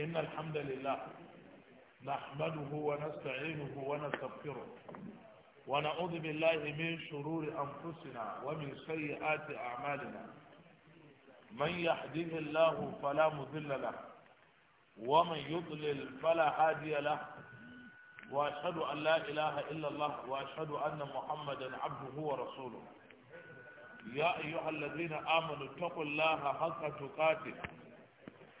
إن الحمد لله نحمده ونستعينه ونستغفره ونعوذ بالله من شرور أنفسنا ومن سيئات أعمالنا من يهديه الله فلا مذل له ومن يضلل فلا هادي له وأشهد أن لا إله إلا الله وأشهد أن محمدا عبده ورسوله يا أيها الذين آمنوا اتقوا الله حق تقاته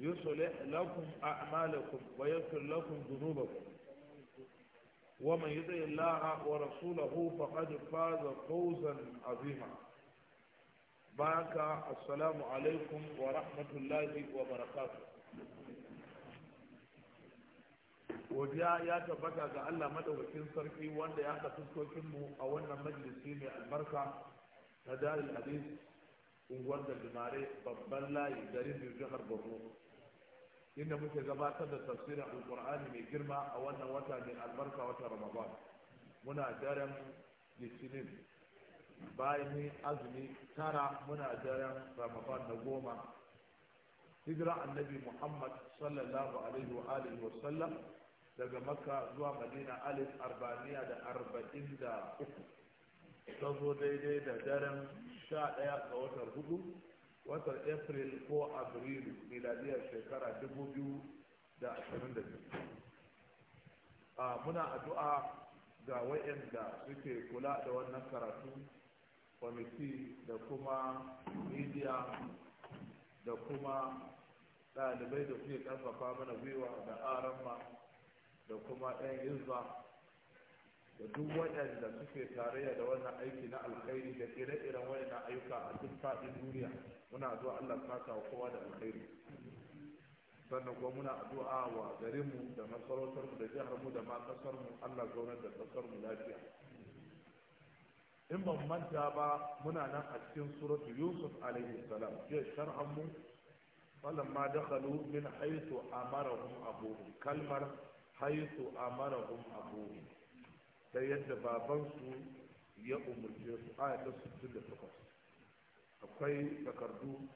يصلح لكم أعمالكم ويغفر لكم ذنوبكم ومن يطع الله ورسوله فقد فاز فوزا عظيما بارك السلام عليكم ورحمة الله وبركاته Wajiya ya tabbata ga Allah madaukakin sarki wanda ya haɗa fuskokinmu a wannan majalisi mai albarka na darul hadis unguwar da limare babban layi garin jihar borno inda muke gabatar da tafsirin alkur'ani mai girma a wannan wata mai albarka wata ramadan muna daren litinin bayan azumi tara muna daren ramadan na goma hijira annabi muhammad sallallahu alaihi wa alihi wa sallam daga makka zuwa madina alif arba'iniya da arba'in da uku ta zo daidai da daren sha ɗaya ga watan hudu watan april ko April miladiyar shekara 2022 a muna addu'a ga wayanda suke kula da wannan karatu kwamiti da kuma media da kuma ɗalibai da suke ƙarfafa mana gwiwa da aramma da kuma 'yan izba da duk waɗanda suke tarayya da wannan aiki na alkhairi da ire-iren waɗannan ayyuka a duk faɗin duniya muna zuwa Allah ya wa kowa da alkhairi sannan kuma muna addu'a wa garinmu da mu da mu da ma ƙasarmu Allah zaunar da ƙasarmu lafiya in ban manta ba muna nan a cikin suratu yusuf alaihi salam ke shar'an mu falamma dakhalu min haythu amarahum abuhum kalmar haythu amarahum abuhum ta yadda babansu ya umarce su aya da takwas akwai takardu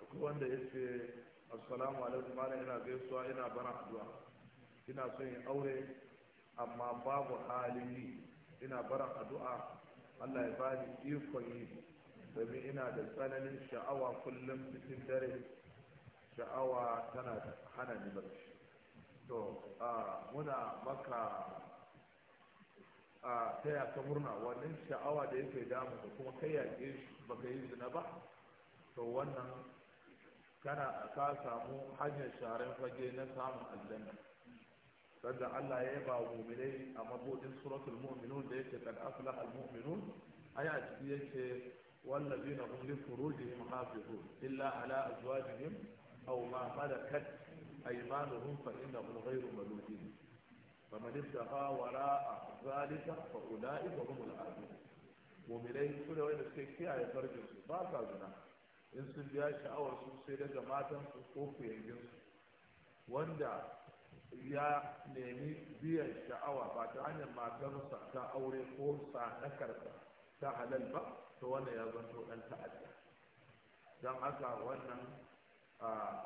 akwai wanda ya ce assalamu alaikum malam ina gaisuwa yana bana addu'a ina son yin aure amma babu halin yi ina bara addu'a Allah ya bani ikon yi domin ina da tsananin sha'awa kullum cikin dare sha'awa tana hana ni barci to muna maka a taya ka murna wannan sha'awa da yake damu da kuma kai yaƙe ba baka yi zina ba to wannan kana ka samu hanyar sharan fage na samun aljanna sadda Allah ya yaba mu'minai a mabudin suratul mu'minun da yake kad aflah al mu'minun aya ciki yake wallazina hum li furujihim hafizun illa ala azwajihim aw ma malakat aymanuhum fa innahum ghayru malukin فمن ابتغى وراء ذلك فأولئك هم العادون muminai su da wanda suka kiyaye farjin su ba sa zina in sun biya sha'awar su sai daga matan su ko kuyangin su wanda ya nemi biyan sha'awa ba ta hanyar matarsa ta aure ko sadakarsa ta halal ba to wanda ya zanto dan ta'adda don haka wannan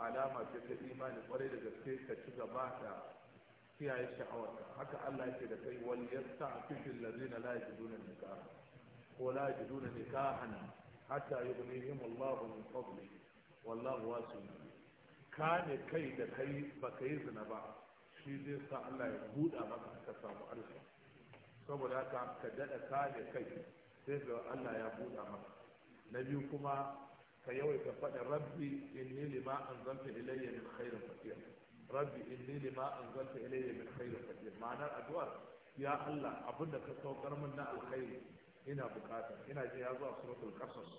alama ce ta imani kwarai da gaske ka ci gaba da kiyaye sha'awarka haka Allah yake da kai wal yasta'fifu allazina la yajiduna nikaha ko la yajiduna nikahan hatta yughnihim Allah min fadli wallahu wasi'un kane kai da kai baka yi zina ba shi zai sa Allah ya buɗa maka ka samu arziki saboda haka ka daɗa kane kai sai ga Allah ya buɗa maka na biyu kuma ka yawaita faɗin rabbi inni lima anzalta ilayya min khairin fakir rabbi inni lima anzalta ilayya min khairin qadir ma'anar addu'ar ya Allah abinda ka saukar min na alkhairi ina bukata ina ji ya zuwa suratul qasas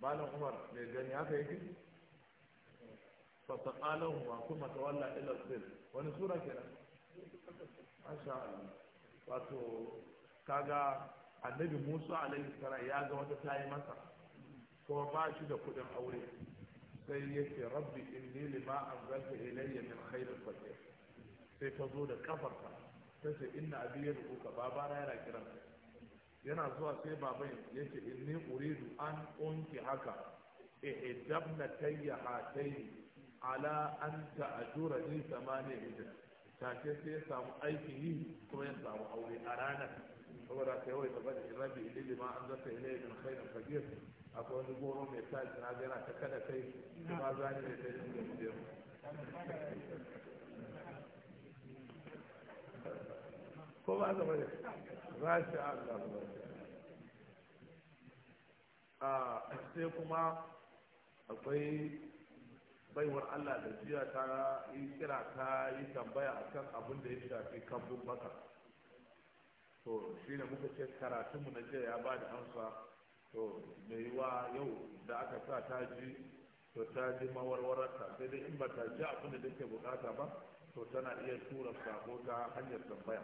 malam Umar me gani haka yake kuma tawalla ila الى الظل wani sura kenan masha Allah wato kaga annabi Musa alaihi salam ya ga wata tayi masa ko ba shi da kudin aure sai ya ce rabbi inni lima anzalta ilayya min khairin faqir sai ta zo da kafarta ta ce inna abi yad'uka baba na yana kiran yana zuwa sai baban yace inni uridu an unki haka ihdabna tayya hataini ala an ta'jura li thamani hijra ce sai ya samu aikin yi kuma ya samu aure a ranar saboda ka yawai da bada rabi ilili ma an zata ilai min khairin fagir akwai wani goro mai sa na yana ta kada kai kuma zani ne ta da gaskiyar ko ba zama ne rashin allah ba a sai kuma akwai baiwar allah da jiya ta yi kira ta yi tambaya akan abin da ya shafi kambun maka to shi ne muka ce karatunmu na jiya ya ba da amsa to mai wa yau da aka sa ta ji to ta ji mawarwararta sai dai in ba ta ji abin da take bukata ba to tana iya tura sako ta hanyar tambaya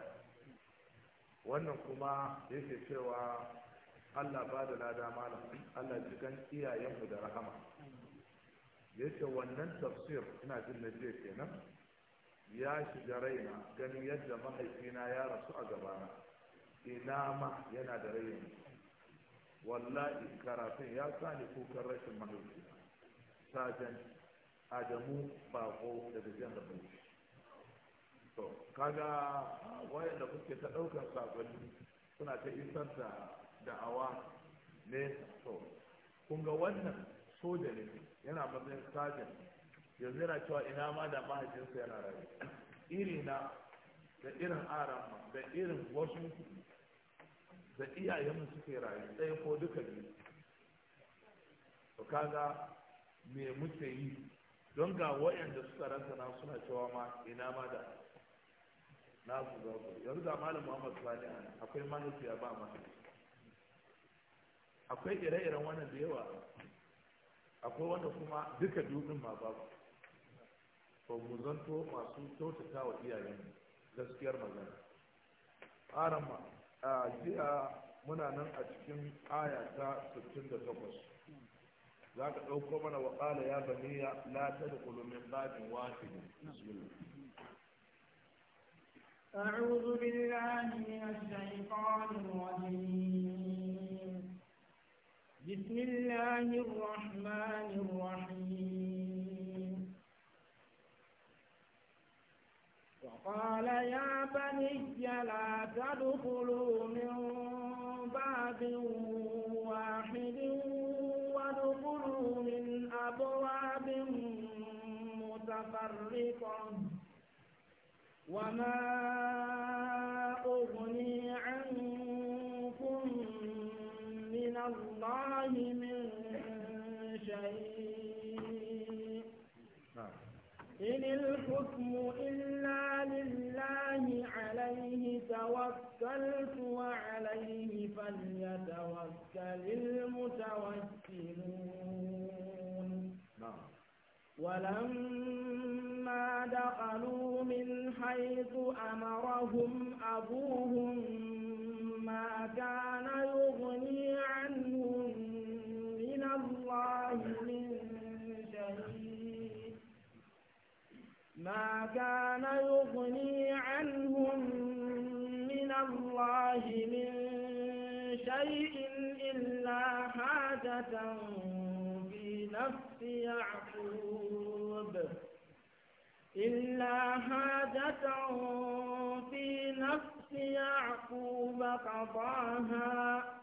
wannan kuma yake cewa Allah ba da lada malam Allah cikin iyayenmu da rahama yake wannan tafsir ina jin na je kenan ya shiga raina ganin yadda mahaifina ya rasu a gabana ina ma yana da rai wallahi karatun ya sa ni kukan rashin mahaifi sajan adamu bako da jihar bauchi to kaga wayan da kuke ta ɗaukar sakonni suna ta isar da da'awa ne to kun ga wannan soja ne yana matsayin sajan yanzu yana cewa ina ma da mahaifinsa yana rayu iri na da irin aran da irin wasu da iyayenmu suke rayu ɗaya ko duka ne to kaga me muke yi don ga waɗanda suka rasa na suna cewa ma ina ma da na su za su yanzu ga malam muhammad sani akwai mahaifiya ba ma akwai ire-iren wannan da yawa akwai wanda kuma duka dubin ma ba ba mu zanto masu kyautata wa iyayen gaskiyar magana ƙaran ma a jiya muna nan a cikin aya ta 68 za ka ɗauko mana wa ƙala ya bani ya la da kulumin babin wafi أعوذ بالله من الشيطان الرجيم بسم الله الرحمن الرحيم قال يا بني لا تدخلوا من باب واحد وادخلوا من أبواب متفرقة وما أغني عنكم من الله من شيء نعم. إن الحكم إلا فلله عليه توكلت وعليه فليتوكل المتوكلون ولما دخلوا من حيث أمرهم أبوهم ما كان يغني عنهم من الله ما كان يغني عنهم من الله من شيء إلا حاجة في نفس يعقوب إلا حاجة في نفس يعقوب قضاها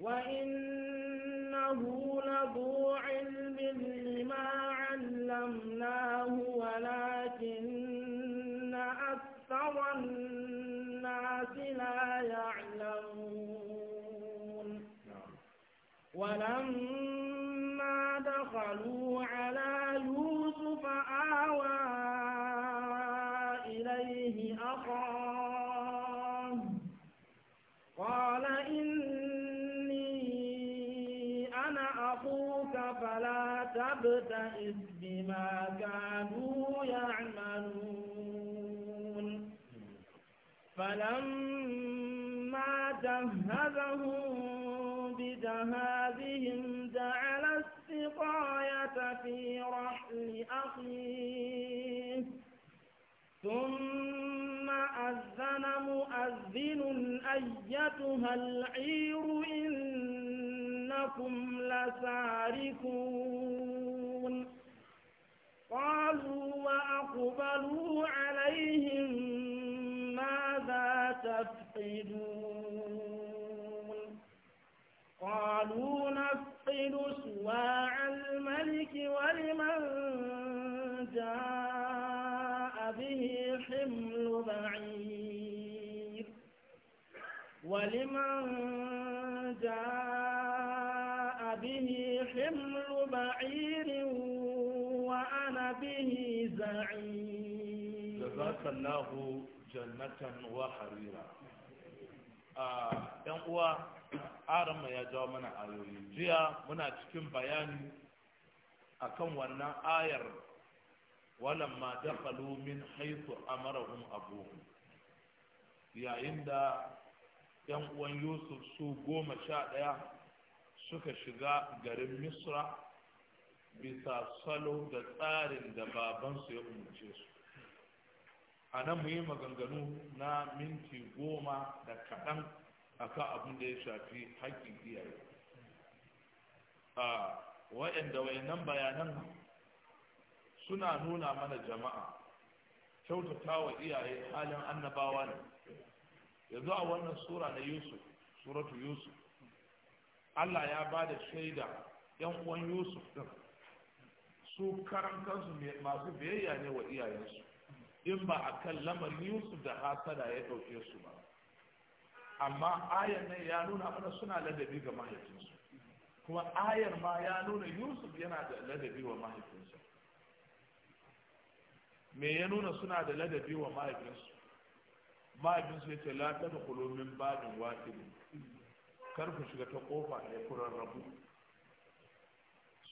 وإنه لذو علم لما علمناه ولكن أكثر الناس لا يعلمون نعم. ولما كانوا يعملون فلما جهزهم بجهازهم جعل السقاية في رحل أخيه ثم أذن مؤذن أيتها العير إنكم لساركون قالوا وأقبلوا عليهم ماذا تفقدون قالوا نفقد سواع الملك ولمن جاء به حمل بعير ولمن جاء sallahu jannatan wa harira ɗan uwa arama ya jawo mana ayoyi jiya muna cikin bayani akan wannan ayar walamma dakhalu min haythu amarahum abuhum yayin da yan uwan yusuf su goma sha ɗaya suka shiga garin misra bisa salo da tsarin da babansu ya umarce su a nan mu yi maganganu na minti goma da kaɗan a akan abin da ya shafi haƙƙin iyaye a wa'anda wayannan bayanan suna nuna mana jama'a kyautata wa iyaye halin annabawa ne yanzu a wannan sura na yusuf suratu yusuf allah ya ba da shaida yan uwan yusuf din su karan kansu masu biyayya ne wa iyayensu in ba a kan lamarin yusuf da hasada ya ɗauke su ba amma ayar nan ya nuna mana suna ladabi ga mahaifinsu kuma ayar ma ya nuna yusuf yana da ladabi wa mahaifinsa me ya nuna suna da ladabi wa mahaifinsu mahaifinsu ya ce kulomin da kulomin babin wakilin kar shiga ta kofa ɗaya kuran rabu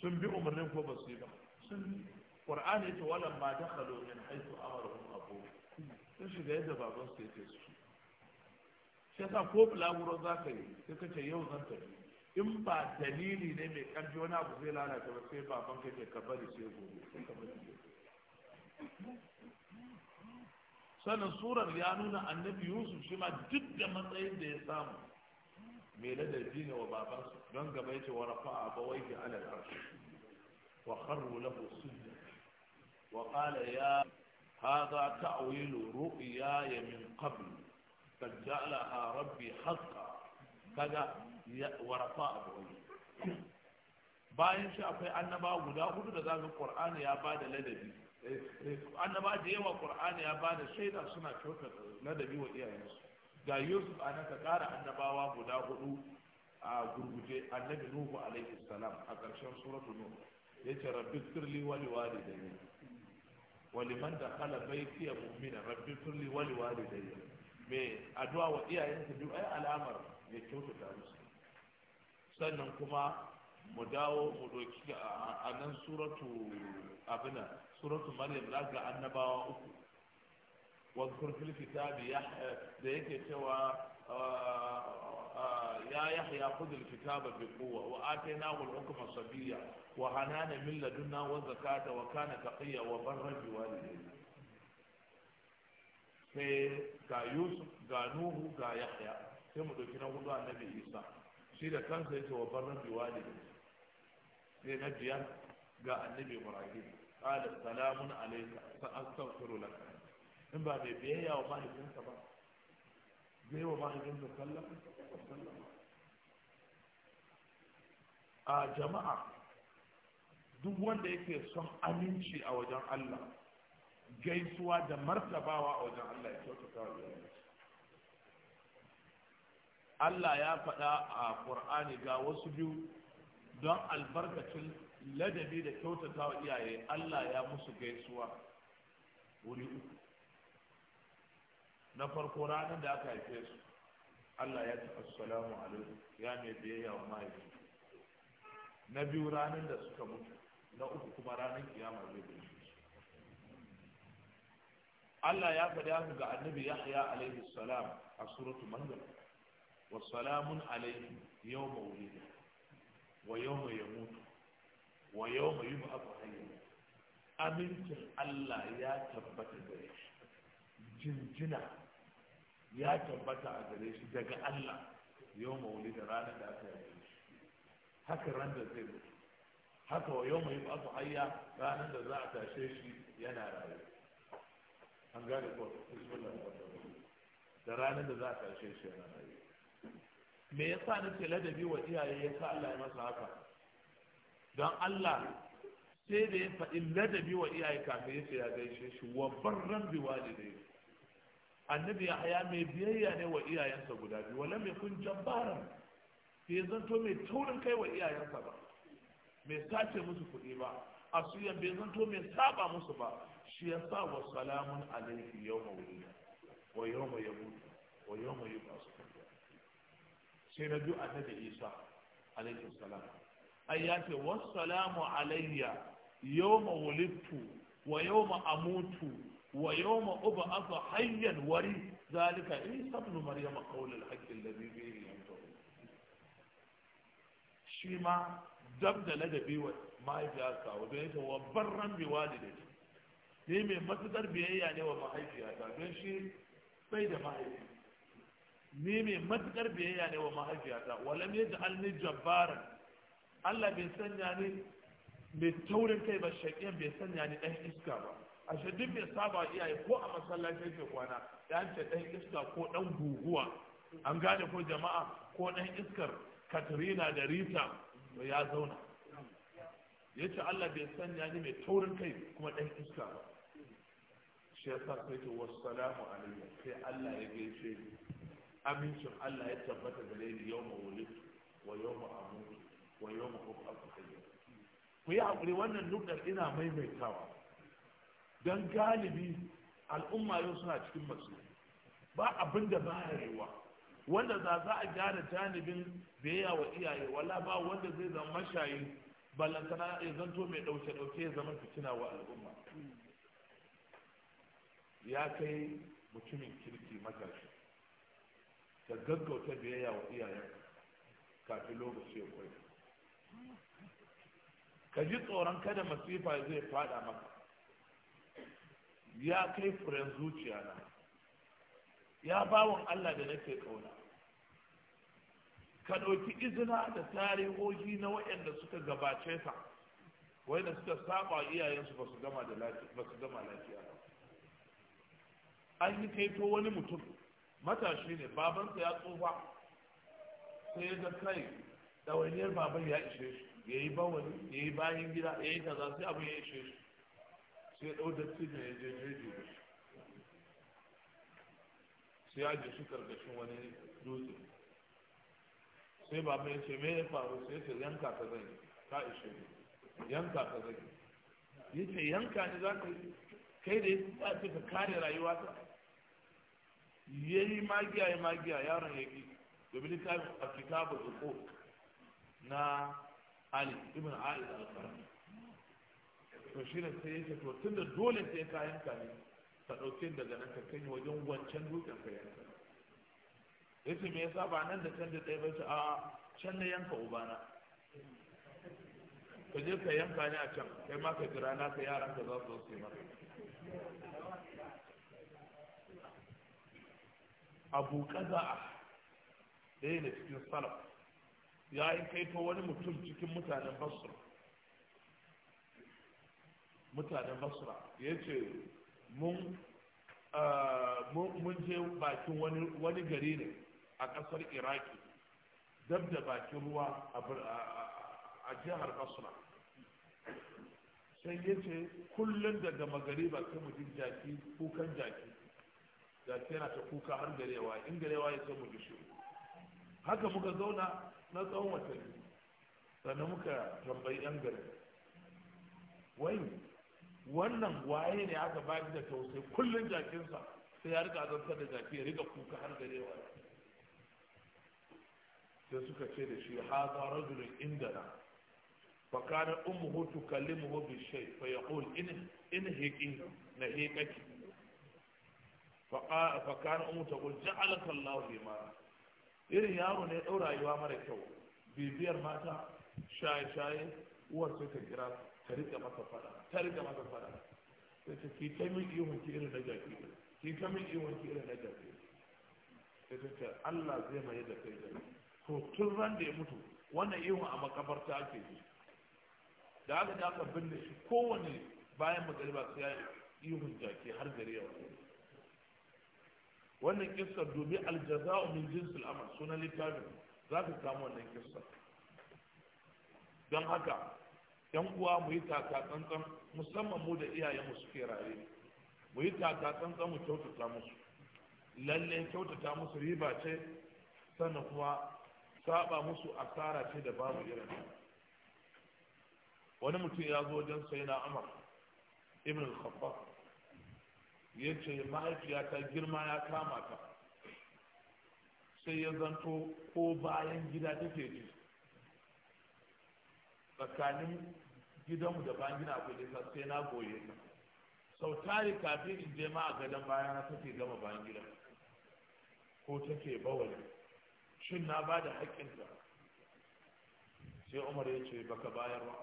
sun bi umarnin ko ba su yi ba qur'ani yace walam ma dakhalu min haythu amarahum abu sun shiga yadda baban su yake su shi yasa ko bulaguro za ka yi sai ka ce yau zan tafi in ba dalili ne mai karfi wani abu zai lalata ba sai baban ka ke ka bari sai gobe sai ka bari sannan surar ya nuna annabi yusuf shi ma duk da matsayin da ya samu mai ladabi ne wa babansa don gaba ya ce wa rafa a ga alal arshi wa kharru lahu sujda وقال يا هذا تأويل رؤياي من قبل قد جعلها ربي حقا كذا ورفاء بغي باين shi akwai annaba guda hudu da zamu qur'ani ya bada ladabi annaba da yawa qur'ani ya bada shaida suna kyautata ladabi wa iyayensu ga yusuf a naka kara annabawa guda hudu a gurguje annabi nuhu alaihi salam a ƙarshen suratul nuh yace rabbi sirli wa liwalidayya waliman da kala bai ya mu'mina rabbi turli wali walidayya me addu'a wa iyayensa duk ai alamar ya kyautata musu sannan kuma mu dawo mu doki a nan suratu abina suratu maryam la ga annabawa uku wa zkur fil da yake cewa ya yahya khudh kitaba bi quwwa wa atainahu al-hukma sabiyya wa hanana min ladunna wa zakata wa kana taqiyya wa barra bi walidayhi sai ga yusuf ga nuhu ga yahya sai mu dauki na hudu annabi isa shi da kansa yace wa barra bi walidayhi sai na biyar ga annabi ibrahim qala salamun alayka sa astaghfiru lak in ba bai biyayya wa mahaifinsa ba zai wa a jama'a duk wanda yake son aminci a wajen Allah gaisuwa da martabawa a wajen Allah ya kyautata wa Allah ya faɗa a Ƙur'ani ga wasu biyu don albarkacin ladabi da kyautata wa iyaye Allah ya musu gaisuwa wuri uku na farko ranar da aka haife su Allah ya ce assalamu alaikum ya mai biyayya wa mahaifi na biyu ranar da suka mutu na uku kuma ranar kiyama zai bi Allah ya faɗi haka ga annabi Yahya alaihi salam a suratu Maryam wa salamun alaihi yawma wulida wa yawma yamutu wa yawma yub'athu hayya amincin Allah ya tabbata gare shi jinjina ya tabbata a gare shi daga Allah yau mauli da ranar da aka yi haka ran da zai mutu haka wa yau mai basu hayya ranar da za a tashe shi yana raye an gane ko bismillah da ranar da za a tashe shi yana raye me ya yasa nake ladabi wa iyaye ya sa Allah ya masa haka don Allah sai da ya faɗi ladabi wa iyaye kafin ya ce ya gaishe shi wa barran biwalidai annabi haya mai biyayya ne wa iyayensa guda biyu wala mai kun jabbaran bai zanto mai taurin kai wa iyayensa ba mai sace musu kuɗi ba A asiyan bai zanto mai saba musu ba shi ya sa wa salamun alaiki yau wuri wa yau mai mutu? wa yau mai yi masu sai na biyu annabi isa alaihi salam ai ya ce wassalamu alayya yau wulittu. wa yau ma amutu wa uba aka hanyar wari zalika isa ibn maryam qawl al-haqq alladhi bihi yantahun shi ma dab da ladabi wa mahaifiyarsa wa don ita wa barran bi walidati ne mai matukar biyayya ne wa mahaifiyata don shi bai da mahaifi ne mai matukar biyayya ne wa mahaifiyata walam yadda alni jabbaran Allah bai sanya ni mai taurin kai ba shaƙiyan bai sanya ni ɗan iska ba a duk mai saba iyaye ko a masallaci yake kwana ya ce ɗan iska ko ɗan guguwa an gane ko jama'a ko dan iskar katrina da rita ya zauna ya ce allah bai sanya ni mai taurin kai kuma ɗan iska ba shi yasa sai wasu salamu alaikum sai allah ya gaishe ni amincin allah ya tabbata gare ni yau ma wulitu wa yau ma amutu wa yau ma hukum ku yi haƙuri wannan nukar ina maimaitawa don galibi al'umma yau suna cikin masu ba abin da ba yawa wanda za za a gyara janibin biyayya wa iyaye wala ba wanda zai zama mashayi ballantana ya zanto mai ɗauke ɗauke ya zama fitina wa al'umma ya kai mutumin kirki matashi da gaggauta biyayya wa iyayen kafin lokaci ya kwai ka ji tsoron kada masifa zai fada maka ya kai furen zuciya na ya bawon Allah da nake kauna ka ɗauki izina da tarihohi na waɗanda suka gabace ka waɗanda suka saba iyayensu ba su gama lafiya ba an yi kaito wani mutum matashi ne babansa ya tsufa sai ya ga kai ɗawainiyar baban ya ishe shi ya yi bawani ya yi bayan gida ya yi kaza sai abin ya ishe shi sai ɗau da ya je jeji da shi sai ya ji shi karkashin wani dutse sai ba mai ce me ya faru sai ce yanka ta zai ka ishe yanka ta zai ya ce yanka ne za ka yi kai da ya ce ka kare rayuwa ta ya yi magiya ya magiya yaron ya ki domin ta a kitabu zuko na ali ibn ali al-karami to shi ne sai yake to tunda dole sai ka yanka ne ka ɗauke daga nan ka kai wajen wancan dutsen ka yanka yace me yasa ba nan da can da ɗaya ba ce a can na yanka ubana ka je ka yanka ne a can kai ma ka jira na ka yaran ka za su zo su abu ɗaya ne cikin salaf ya yi kai to wani mutum cikin mutanen basra mutanen basra ya ce mun je bakin wani gari ne a ƙasar iraki dab da bakin ruwa a jihar basra sai ya ce kullum daga ba sai mu jin jaki kukan jaki jaki yana ta kuka har garewa in garewa ya sai mu ji shiru haka muka zauna na tsawon watanni sannan muka tambayi yan garin wani wannan waye ne aka ba da tausayi kullum jakinsa sai ya rika azantar da jaki ya rika kuka har garewa sai suka ce da shi haza rajulun indana fa kana ummuhu tukallimuhu bi shay fa yaqul in in hiqi na hiqaki fa fa kana ummu taqul ja'alaka Allahu bima irin yaro ne ɗau rayuwa mara kyau bibiyar mata shaye-shaye uwar sai ta kira su ta rika masa fada ta rika masa fada sai ta ki ta min ihun ki irin na jaki ki ta min ihun ki irin na jaki sai ta ce Allah zai mai da kai da to tun ran da ya mutu wannan ihun a makabarta ake yi da haka da aka binne shi kowane bayan magariba sai ya ihun jaki har gari ya wasu wannan kissa dobi aljaza'u min jinsul amal sunan littafin za ka samu wannan kissa don haka yan uwa mu yi taka tsantsan musamman mu da iyayen mu suke raye mu yi taka tsantsan mu kyautata musu lalle kyautata musu riba ce sannan kuma saba musu asara ce da babu irin wani mutum ya zo wajen sai na amar ibn al ya ce ta girma ya kama ta sai ya zanto ko bayan gida take ji tsakanin gidanmu da bayan gina akwai nisa sai na goye ta sau tari kafin in je ma a gadon bayan na take gama bayan gidan ko take bawali shin na ba da haƙƙinta sai umar ya ce baka bayar ba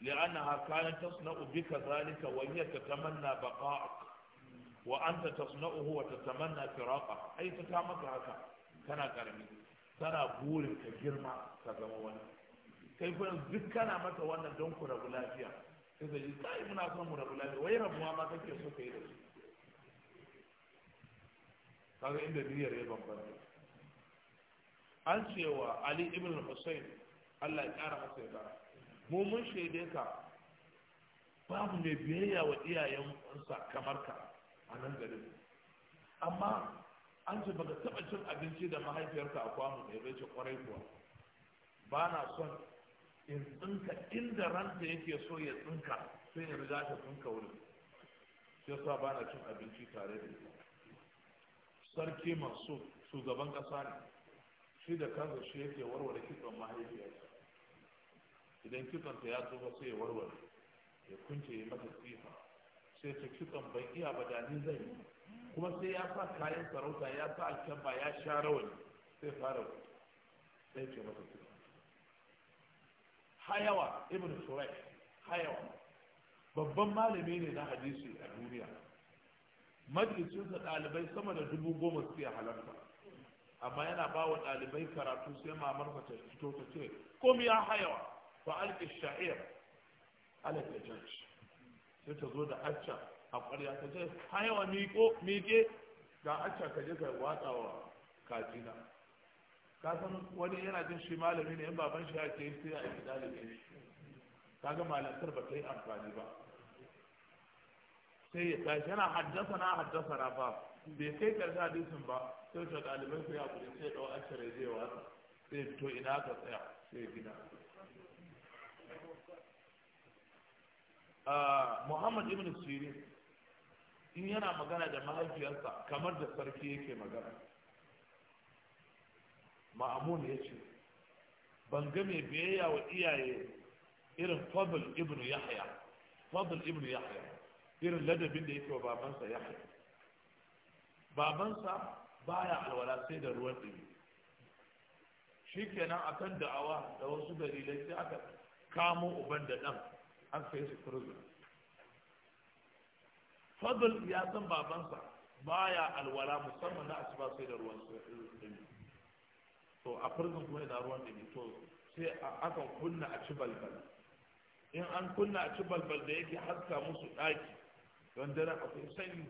لأنها كانت تصنع بك ذلك وهي تتمنى بقاءك وأنت تصنعه وتتمنى فراقك أي تتعمك هكا كان كرمي ترى بورك girma ka zama wani. kai fa duk kana mata wannan don ku rabu lafiya sai da ji kai muna son mu rabu lafiya wai rabu ma kake so kai da su kaga inda niyyar ya bambanta an cewa ali ibn husayn Allah ya kara masa ya mu mun shaide ka babu mai biyayya wa iyayensa kamar ka a nan garin amma an ce baka taɓa cin abinci da mahaifiyarka a kwamu da ya bai ce kwarai kuwa ba na son in tsinka inda ranta yake so ya tsinka sai ya riga ta tsinka wurin sai sa ba na cin abinci tare da ita sarki masu shugaban kasa ne shi da kansa shi yake warware kitson mahaifiyarsa idan kitson ta ya zuba sai ya warware ya kunce ya mata tsifa sai ta kitson ban iya ba da ni zai kuma sai ya sa kayan sarauta ya sa alkyamba ya sha rawani sai fara sai ce mata tsifa hayawa ibn shuraik hayawa babban malami ne na hadisi a duniya sa ɗalibai sama da dubu goma suke halarta amma yana ba wa ɗalibai karatu sai mamarsa ta fito ta ce kom ya hayawa fa alƙi sha'ir alaƙa sai ta zo da acca a ƙwarya ta ce hayawa miƙo miƙe ga acca ka je ka watsa wa kajina kasan wani yana jin shi malami ne in baban shi ke yi sai a yi dalibi ne kaga malantar ba ta yi amfani ba sai ya tashi yana haddasa na haddasa na ba bai kai karshe hadisin ba sai ta dalibai sai hakuri sai ya ɗau ashirai zai wasa sai fito ina ka tsaya sai gina ah, Muhammad ibn Sirin in yana magana da mahaifiyarsa kamar da sarki yake magana ma'amun ya ce ban ga mai biyayya wa iyaye irin fadl ibnu yahya fadl ibnu yahya irin ladabin da yake wa babansa yahya babansa baya alwala sai da ruwan dumi a akan da'awa da wasu dalilai sai aka kamo uban da dan an kai su prison fadl ya san babansa baya alwala musamman na asuba sai da ruwan dumi to a prison kuma ina ruwan da to sai aka kunna a ci balbal in an kunna a ci balbal da yake haska musu ɗaki don dare akwai sanyi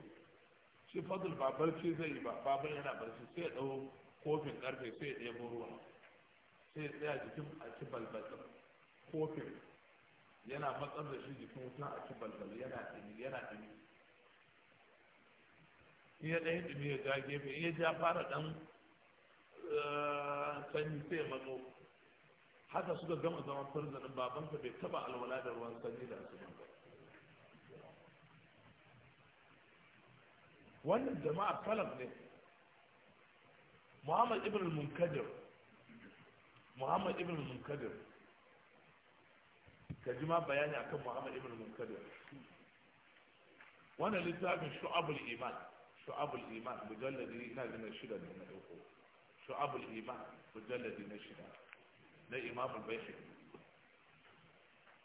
shi fadul ba barci zai yi ba babal yana barci sai ya ɗau kofin ƙarfe sai ya ɗebo ruwa sai ya tsaya jikin a ci balbal kofin yana matsar da shi jikin wuta a ci balbal yana ɗumi yana ɗumi in ya ɗaya ɗumi ya ja gefe in ya ja fara ɗan Eh, sanyi sai matso haka suka gama zaman firzanin babansa bai taba alwala da ruwan sanyi da su wannan jama'a salaf ne muhammad ibn munkadir muhammad ibn munkadir ka ji ma bayani akan muhammad ibn munkadir wannan littafin shu'abul iman shu'abul iman mujalladi ina gina shida ne na dauko shu'abul iman mujalladi na shida na imam al-bayhaqi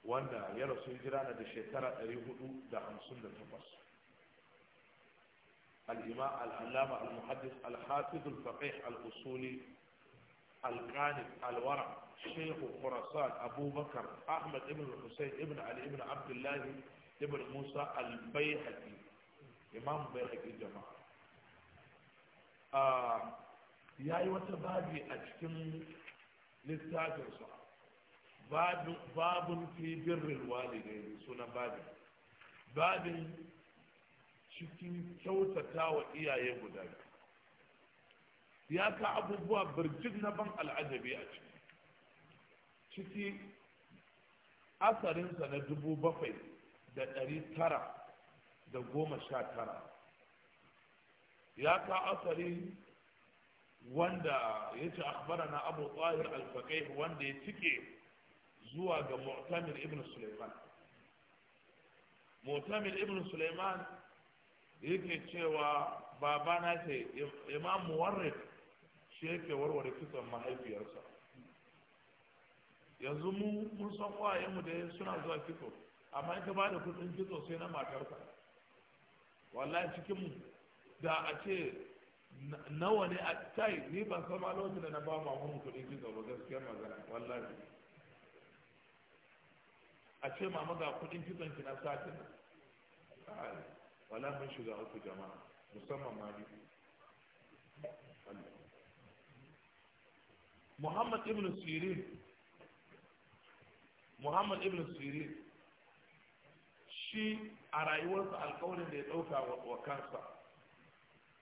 wanda ya rasu hijira na da shekara 458 al-imam al-allama al-muhaddis al-hafiz al-faqih al-usuli al-qanib al-wara شيخ خراسان أبو بكر أحمد ابن الحسين ابن علي ابن عبد الله ابن موسى البيهقي إمام بيهقي جماعة آه ya yi wata babi a cikin littafinsa babin fi birrin walidai sunan babi, babin cikin kyautata wa iyaye guda ya ka abubuwa Birjin na ban al'ajabi a ciki ciki asarinsa na dubu bakwai da ɗari tara da goma sha tara ya ka asari wanda ya ce akhbarana abu tsahir al wanda ya cike zuwa ga mu'tamir ibn sulaiman mu'tamir ibn sulaiman yake cewa babana ce imam muwarrid shi yake warware kisan mahaifiyarsa yanzu mu mun san mu da suna zuwa kitso amma ita ba da kudin kitso sai na matarsa wallahi cikin mu da a ce nawa ne a kai ni ban san ma lokacin da na ba ma mun kuɗi ji gaba gaskiyar magana wallahi a ce mama ga kuɗin kitan ki na satin ai wala mun shiga uku jama'a musamman ma ni Muhammad ibn Sirin Muhammad ibn Sirin shi a rayuwarsa alƙawarin da ya ɗauka wa kansa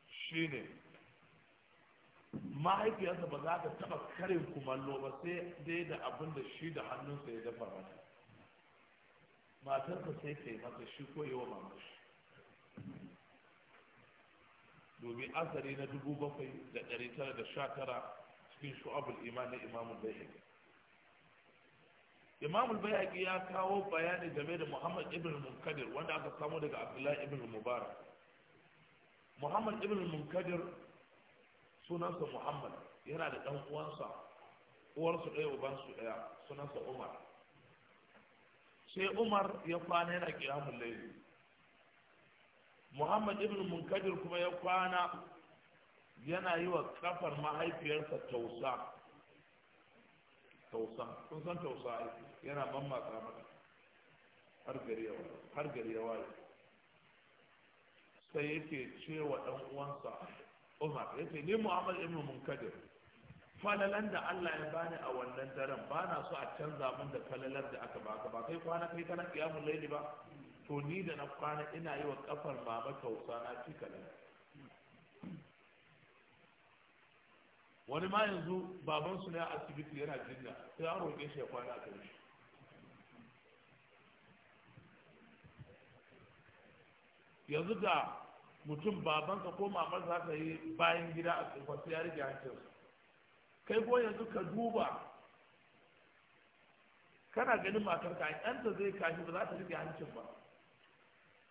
shine mahaifiyarsa ba za ta taba karin kumallo ba sai dai da abin da shi da hannunsa ya dafa mata matarsa sai ta yi masa shi ko yi wa mamashi domin asali na dubu bakwai da ɗari tara da sha tara cikin shu'abul iman na imamul bayhaqi imamul bayhaqi ya kawo bayani game da muhammad ibn munkadir wanda aka samu daga abdullahi ibn mubarak muhammad ibn munkadir sunansa muhammad yana da ɗan uwansa uwarsu ɗaya ubansu ɗaya sunansa umar sai umar ya kwana yana kiyamun laifi muhammad ibn munkadir kuma ya kwana yana yi wa kafar mahaifiyarsa tausa tausa kun san tausa yana mammatsa mata har gari ya sai yake cewa ɗan uwansa umar ya ce ni muhammad ibn munkadir falalan da allah ya bani a wannan daren ba na so a canza min da falalar da aka baka ba kai kwana kai kana kiyamun laili ba to ni da na kwana ina yi wa kafar mama kausa na fi wani ma yanzu babansu ne a asibiti yana jinya sai an roƙe shi ya kwana a shi yanzu da mutum babanka ko mamansa haka yi bayan gida a tsofaffi ya rike hancin kai ko yanzu ka duba kana ganin matarka yan yanta zai kashi ba za ta rike hancin ba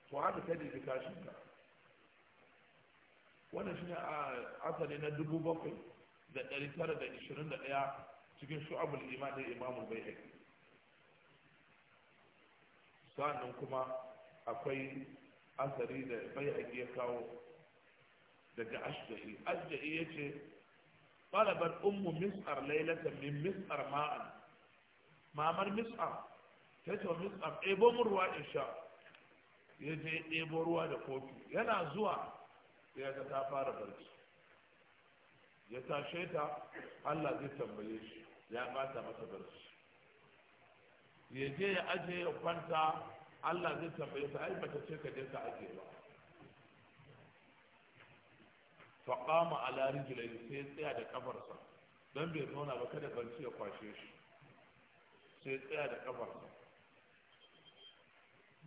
to haka ta rike kashin ka wannan shine a asali na dubu bakwai da ɗari tara da ishirin da ɗaya cikin shu'abul iman da imamul bai sa'annan kuma akwai asari da bai ya kawo daga ashgari ashgari ya ce ɓalabar ummu mis'ar lailata min mis'ar ma'an mamar mis'ar ta ce mis'ar ɗebo mu ruwa in sha ya je ɗebo ruwa da kofi yana zuwa ya ga ta fara barci ya tashe ta Allah zai tambaye shi ya ɓata masa barci ya je ya aje ya kwanta Allah zai tambaye su ai bata ce ka je ka ake ba fa qama ala rijlaihi sai ya tsaya da kafarsa dan bai zauna ba kada barci ya kwashe shi sai ya tsaya da kafarsa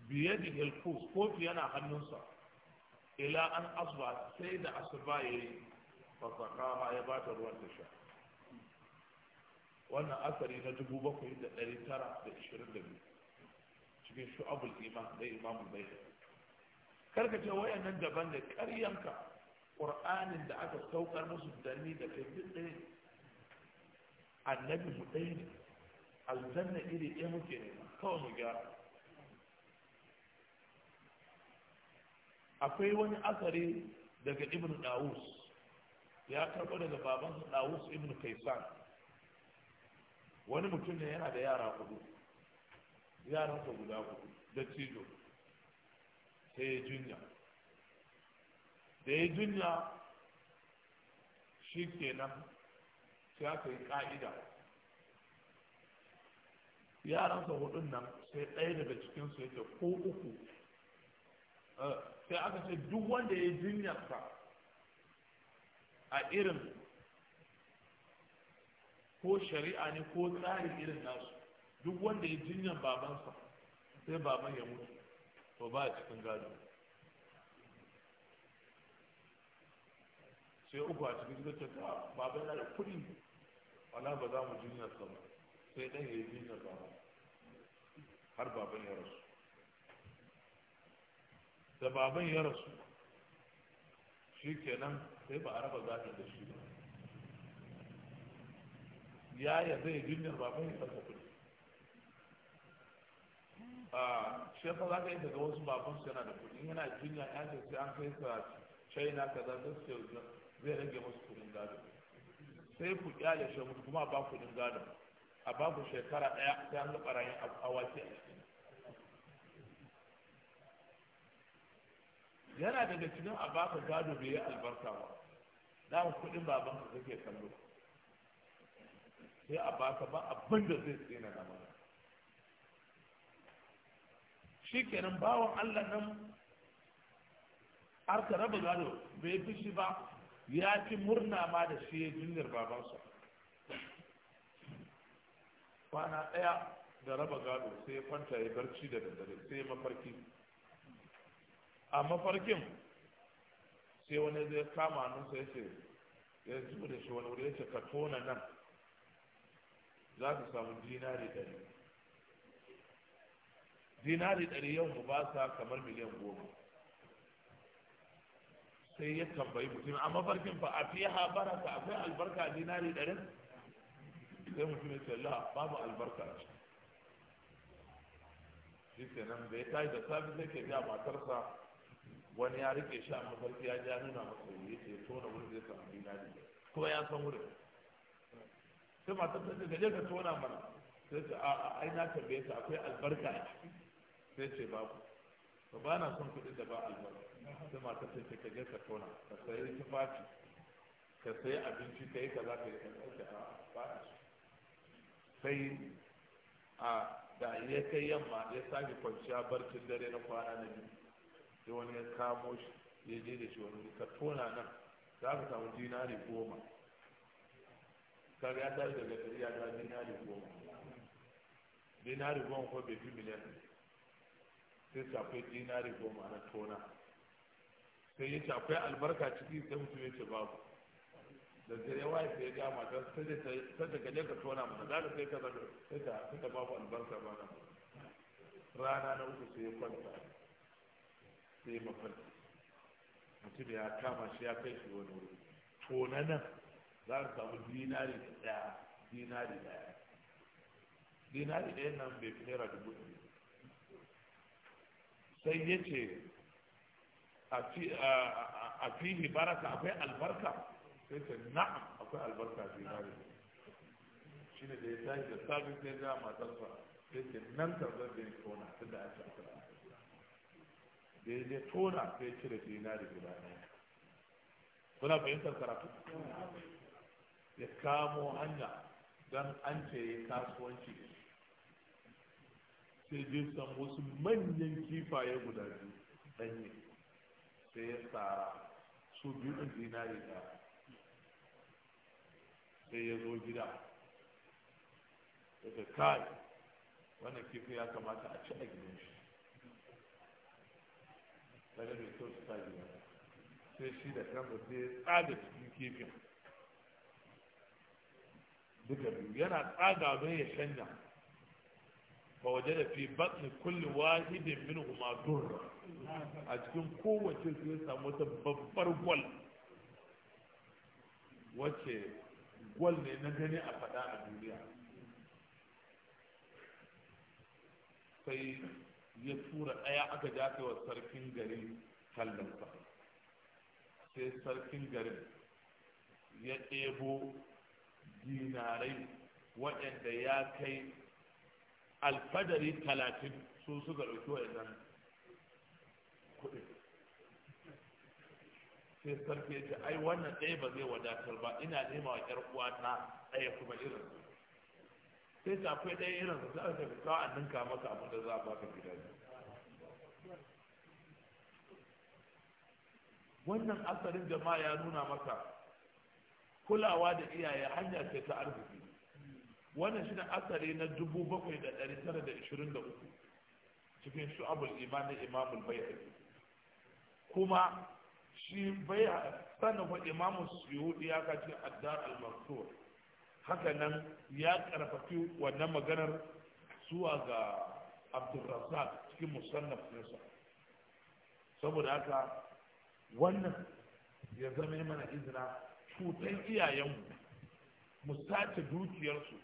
biyadi al-kus kofi yana hannunsa ila an asba sai da asuba yayi fa saqaha ya bata ruwan ta sha wannan asari na dubu bakwai da ɗari tara da ishirin da biyu cikin abul iman da imamul bai karka ce wayannan daban da karyanka qur'anin da aka saukar musu dani da kai duk dai annabi mu dai ne iri ɗaya muke ne kawai mu gyara akwai wani asari daga ibn dawus ya karɓo daga babansa dawus ibn kaisan wani mutum ne yana da yara hudu yaran guda hudu da cizo sai ya junya da ya junya shi nan sai aka yi ka'ida yaransa hudun nan sai ɗaya daga cikinsu su ce ko uku eh, sai aka ce duk wanda ya jinyarsa a irin ko shari'a ne ko tsarin irin nasu duk wanda ya jinya babansa sai baban ya mutu to ba a cikin gado sai uku a cikin gado ta baban yana da kudi wala ba za mu jinyar sa ba sai dan ya yi jinyar baban har baban ya rasu da baban ya rasu shi kenan sai ba a raba ta da shi ba yaya zai jinyar baban ya rasa shi yasa za ka yi daga wasu baban su da kuɗi yana jinya ya ce sai an kai sa china kaza da su zai rage musu kuɗin gado sai ku kyale shi mutu kuma ba kuɗin gado a ba ku shekara ɗaya sai an ga ɓarayin awaki a cikin yana daga cikin a baka gado bai yi albarka ba dama kuɗin babanka kake kallo sai a baka ba abin da zai tsina na mana shi kenan bawan Allah nan har raba gado bai fi shi ba ya fi murna ma da shi ya jinyar babansa kwana ɗaya da raba gado sai ya kwanta ya barci da daddare sai mafarki a mafarkin sai wani zai kama hannunsa ya ce ya zuba da shi wani wuri ya ce ka tona nan za ka samu dinari ɗari dinari ɗari yau mu ba sa kamar miliyan goma sai ya tambayi mutum amma farkin fa a fiye ha baraka akwai albarka a dinari ɗarin sai mutum ya ce la babu albarka a ciki shi ke nan da ya tashi da sabi zai ke ja matarsa wani ya rike shi a mafarki ya ja nuna masa ya ce tona wurin zai samu dinari kuma ya san wurin sai matar ta ce gaje ka tona mana sai ta a ai na tambaye ta akwai albarka a ciki sai ce babu ba ba na son kuɗi da ba albarka sai mata sai ce ka je ka tona ka sayi tufafi ka sayi abinci ka yi kaza ka yi ɗan ɗauke a ba a sai a da ya kai yamma ya sake kwanciya barcin dare na kwana na biyu sai wani ya kamo shi ya je da shi wani ka tona nan za ka samu dinari goma ga ya tashi daga gari ya ga dinari goma dinari goma ko bai fi miliyan sai ce akwai dinari goma na tona sai ya ce akwai albarka ciki sai mutum ya ce babu da zai yawa ya sai ga ta sai da gane ka tona mata za ka sai ka zaga sai ta sai ta babu albarka ba na rana na uku sai ya kwanta sai ya mafarki mutum ya kama shi ya kai shi wani wuri tona nan za ka samu dinari ɗaya dinari daya, dinari daya nan bai fi naira dubu ɗari sai ya ce a fili baraka akwai albarka sai ce na'am akwai albarka fi nari shi ne da ya tashi da sabis ne da matarsa sai ce nan tarzan da ya tona tun da ake akira da ya je tona sai cire dinari guda ne. kuna fahimtar karatu ya kamo hanya don an ce ya kasuwanci da sai je samu wasu manyan kifaye guda biyu danye sai ya tsara su biyu ɗin zinari da sai ya zo gida daga kai wannan kifi ya kamata a ci a gidan shi daga mai kyau su ta gida sai shi da kansa sai ya tsaga cikin kifin duka biyu yana tsaga don ya shanya fa waje da fi batni kulli wahidin min huma durra a cikin kowace su ya samu wata babbar gwal wacce gwal ne na gani a faɗa a duniya sai ya tura ɗaya aka ja wa sarkin garin kallonsa sai sarkin garin ya ɗebo ginarai waɗanda ya kai alfadari talatin su suka ɗauki idan kuɗi sai sarki ya ce ai wannan ɗaya ba zai wadatar ba ina nema wa ƴar uwa ta ɗaya kuma irin sai ta kai ɗaya irin su sai ka kawo a ninka maka abin da za a baka gida wannan asalin jama'a ya nuna maka kulawa da iyaye hanya ce ta arziki wannan shi ne asali na 7923 cikin shu'abul iman na imamul bayhaqi kuma shi baya sannan kuma imamu suyudi ya kaci addar al haka nan ya karfafi wannan maganar zuwa ga abdulrazzaq cikin musannaf nasa saboda haka wannan ya zama mana izina cutar iyayenmu mu sace dukiyarsu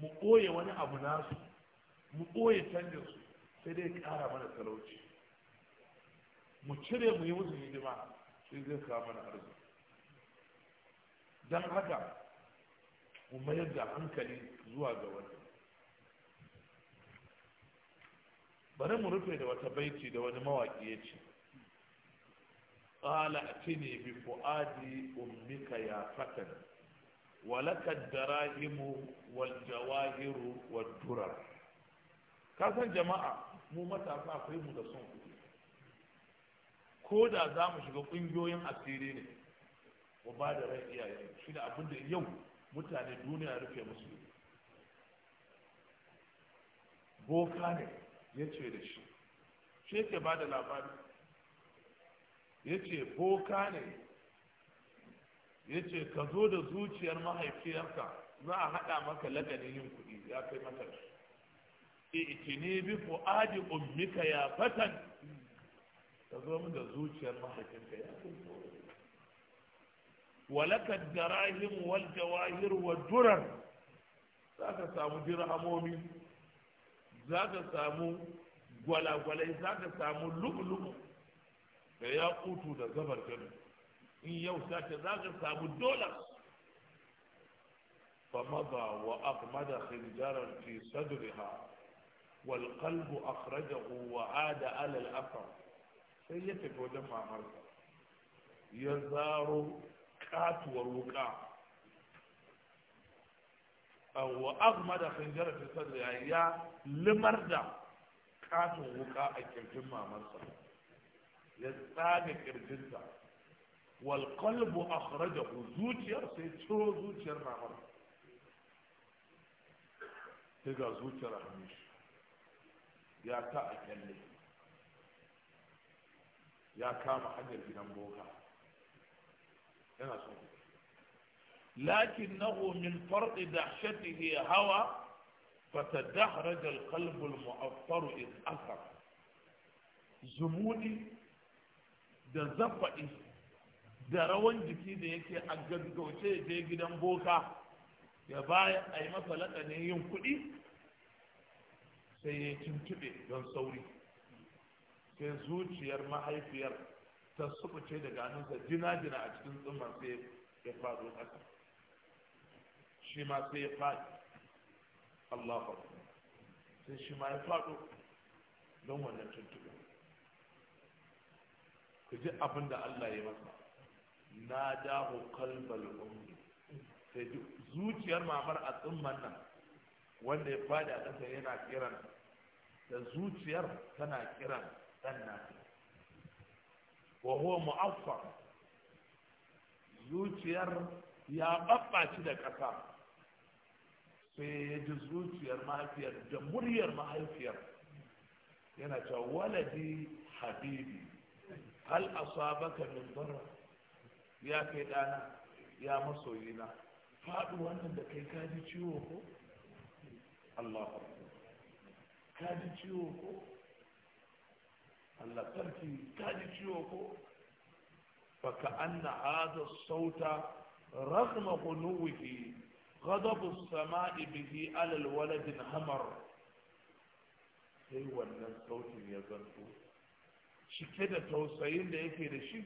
mu ɓoye wani abu nasu mu ɓoye canjin su sai dai ƙara mana talauci mu cire mu yi musu hidima sai zai kawo mana arziki don haka mu mayar da hankali zuwa ga wani bari mu rufe da wata baiti da wani mawaƙi ya ce ƙala a bi fu'adi ummika ya fatana walakad darahimu wal jawahiru wal turar kasan jama'a mu matasa akwai mu da son kuɗi ko da za mu shiga ƙungiyoyin asiri ne mu ba da ran iyaye shi ne abin da yau mutane duniya rufe musu boka ne ya ce da shi shi yake ba da labari ya ce boka ne ya ce ka zo da zuciyar mahaifiyarka za a haɗa maka lagani yin kuɗi ya kai mata ne eh, bi adi, ummika ya fatan ka zo min da zuciyar mahaifinka ya walaka darahim wal jawahir wa durar za ka samu dirhamomi za ka samu gwalagwalai za ka samu lu'lu'u da ya kutu da gabar jami'a in yau ta ce za ka samu maza wa dollars فمضى وأغمد خنجرا في صدرها والقلب أخرجه وعاد على afa, sai ya tafi wajen mamarsa ya zaro katuwar wuka wa agma da khanjara fi sadriya ya limar da katon wuka a kirjin mamarsa ya tsaga kirjinta wal qalbu ku zuciyar sai ciro zuciyar mamar sai ga zuciyar hamish ya ta a kyalle ya kama hanyar gidan boka yana so لكنه من فرط دهشته هوى فتدحرج kalbul mu'affaru إذ أثر زموني da zafaɗi da rawan jiki da yake a gaggauce ya je gidan boka ya baya a yi masa laƙanin yin kuɗi sai ya tuntuɓe don sauri sai zuciyar mahaifiyar ta subuce daga hannunsa jina-jina a cikin tsumman sai ya faɗo ƙasa shi ma sai ya faɗi Allah ba sai shi ma ya faɗo don wannan tuntuɓe ku ji abin da Allah ya masa na dahu kalbal ummi sai zuciyar mamar a tsumman nan wanda ya fadi a yana kiran da zuciyar tana kiran ɗan nata wa huwa mu'affar zuciyar ya shi da ƙasa sai ya ji zuciyar mahaifiyar da muryar mahaifiyar yana cewa waladi habibi hal asabaka min barra ya kai ɗana ya masoyina faɗi wannan da kai kaji ciwo ko Allah kaji ciwo ko Allah sarki kaji ciwo ko faka anna hadha sauta رغم غلوه غضب السماء به على الولد انهمر sai wannan sautin ya zanto cike da tausayin da yake da shi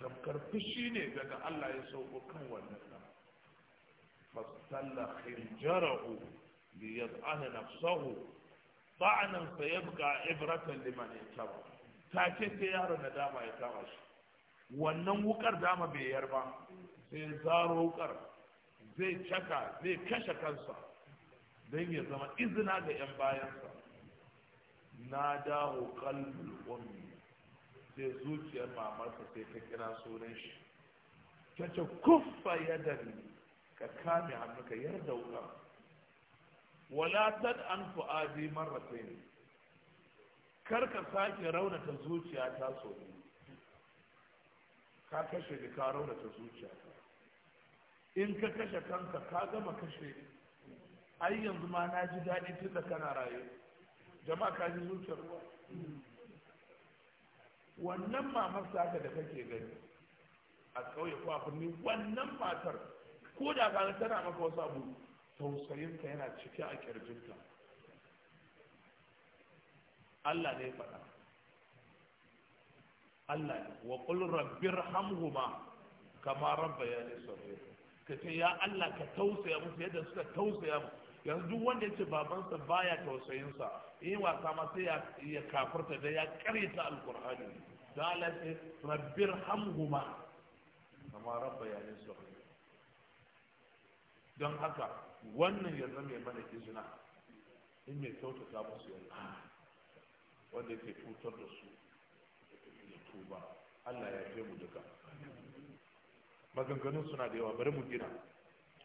tamkar fushi ne daga Allah ya sauko kan wannan ɗan fastalla khirjarahu li yad'ana nafsahu ba'nan sayabqa ibratan liman Ta ce sai yaro na dama ya kama shi wannan wukar dama bai yarba sai zaro wukar zai caka zai kashe kansa don ya zama izina ga 'yan bayansa na dawo kalmul ummi sai zuciyar mamarsa sai ta kira sunan shi ta ce kuffa yadan ka kame hannu ka yarda wuka wala tad an fu'adi marratayn kar ka sake raunata zuciya ta so ka kashe ni ka raunata zuciya ta in ka kashe kanka ka gama kashe ai yanzu ma na ji daɗi tun da kana raye jama'a ka ji zuciyar ruwa wannan mamar sa da kake gani a ƙauye ko a wannan matar ko da ga tana maka wasu abu tausayinka yana cike a kirjinta Allah ne faɗa Allah ne wa qul rabbir hamhuma kama rabbayani saghira kace ya Allah ka tausaya musu yadda suka tausaya mu yanzu wanda ya ce babansa baya tausayinsa yi wasa ma sai ya kafurta da ya ta alkur'ani da Allah rabbir hamhuma kama rabba ya don haka wannan ya zama mana kizina in mai kyautata musu yana wanda ke cutar da su ya tuba Allah ya ce mu duka maganganun suna da yawa bari mu gina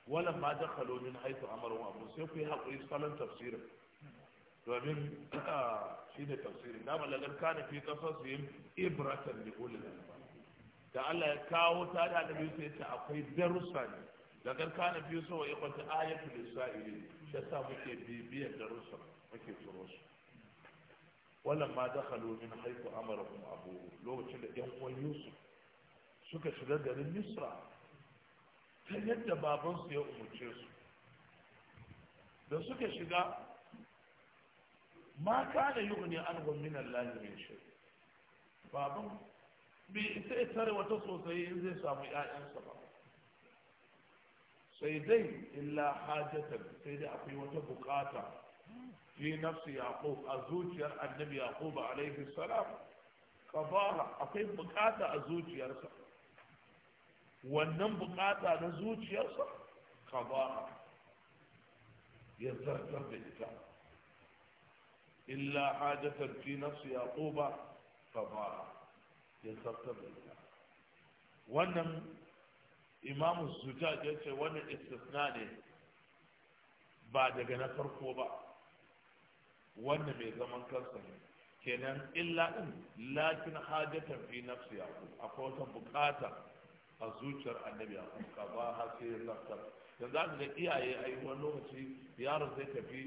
walan ma dakhalu min haythu abu sai ku yi hakuri salon tafsirin domin ah, shi ne tafsirin da malagar kana fi kasasihim ibratan li ulil albab da Allah ya kawo ta da annabi ta akwai darussa ne lagar kana fi so wa ikwata ayatul lisaili da sa muke bibiyar darussa muke tsoro su ma lokacin da yan uwan Yusuf suka shiga garin Misra ta yadda babansu ya umarce su da suka shiga ma da yi anhum min minan min shay baban bai ita ya tare wata sosai in zai samu 'ya'yansa ba sai dai illa hajatan sai dai akwai wata bukata fi nafsi yaqub a zuciyar annabi yaqub alaihi salam kabaha akwai bukata a zuciyarsa wannan bukata na zuciyarsa ka ba ya zartar da ita illa hajatan fi ƙoba ka ba ya zartar da ita wannan imamu zujaj ya ce wannan istisna ne ba daga na farko ba Wannan mai zaman kansa ne kenan illa din lakin hajatan fi ya ƙoba, akwai wata bukata a zuciyar annabi a kuka ba har sai ya tsaftar da za su da iyaye a yi wani lokaci yaron zai tafi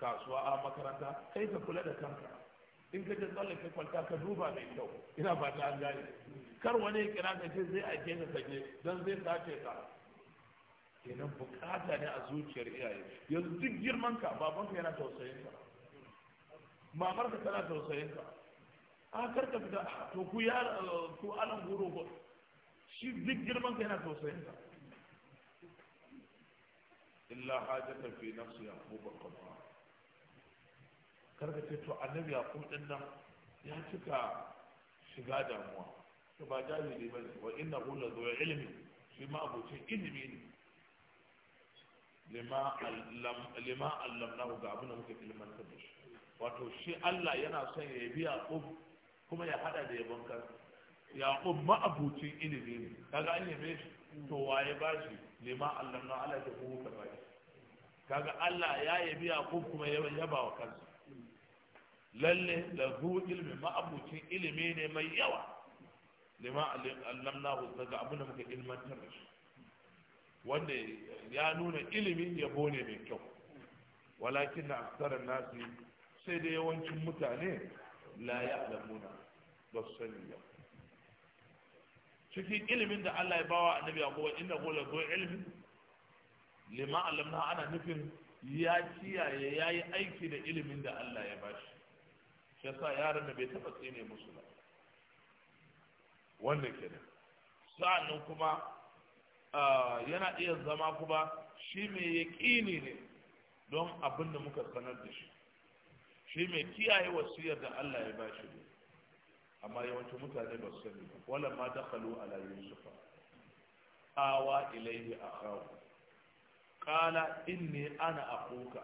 kasuwa a makaranta kai ka kula da kanka in ka je tsallin ka kwanta ka duba mai kyau ina ba ta an gane kar wani ya kira ka ce zai aike ka kaje don zai sace ka kenan bukata ne a zuciyar iyaye yanzu duk girman ka babanka yana tausayin ka mamar ka tana tausayin ka a karka fita to ku yaro ku alan goro shi duk girman ka yana tausayin ka illa hajata fi nafsi yaqub Kar karka ce to annabi yaqub din nan ya cika shiga damuwa to ba jahili ba wa innahu la zu ilmi shi ma abocin ilimi ne lima allamnahu ga abin da muke ilmantar da shi wato shi Allah yana son ya biya yaqub kuma ya hada da yabon kansa yaqub ma'abucin ilimi ne kaga an yabe shi to waye ba shi ma Allah na Allah da ku ka bai kaga Allah ya yabi yaqub kuma ya yaba wa kansa lalle da hu ilmi ma'abucin ilimi ne mai yawa ne ma Allah na hu daga abin da muka ilmantar da shi wanda ya nuna ilimi yabo ne mai kyau walakin na aksarar nasi sai da yawancin mutane la ya alamuna ba su sani yau cikin ilimin da Allah ya bawa annabi Yakubu inda gola go ilmi lima alamna ana nufin ya kiyaye ya yi aiki da ilimin da Allah ya bashi shi yasa yaran da bai taba tsine musu ba wannan kenan sa'annan kuma yana iya zama kuma shi mai yaƙini ne don abin da muka sanar da shi shi mai kiyaye wasiyar da Allah ya bashi ne amma yawancin mutane ba su sani ba wala ma Kalu ala yusufa awa ilayhi akhahu qala inni ana a kuka.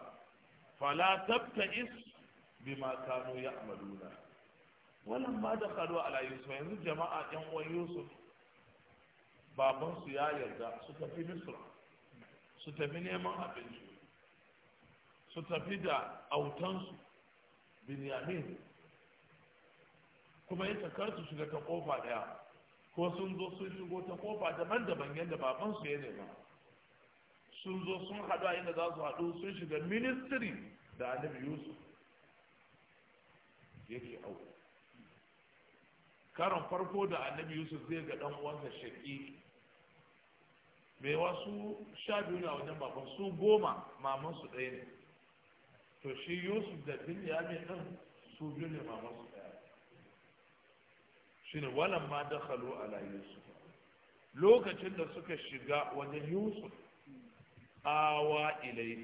fala tabta tabta'is bima kanu ya'maluna wala ma Kalu ala yusufa yanzu jama'a yan uwan yusuf baban su ya yarda su tafi misra su tafi neman abinci su tafi da autansu binyamin kuma ya kar su shiga ta kofa daya ko sun zo sun shigo ta kofa daban-daban yadda baban su ya nema sun zo sun haɗu a inda za su haɗu sun shiga ministry da annabi yusuf yake au karon farko da annabi yusuf zai ga dan uwansa shaƙi mai wasu sha biyu na wajen baban su goma maman su ɗaya ne to shi yusuf da bin ya mai ɗin su biyu ne maman su shine wannan ma dakhalu ala yusuf lokacin da suka shiga wajen yusuf awa ilai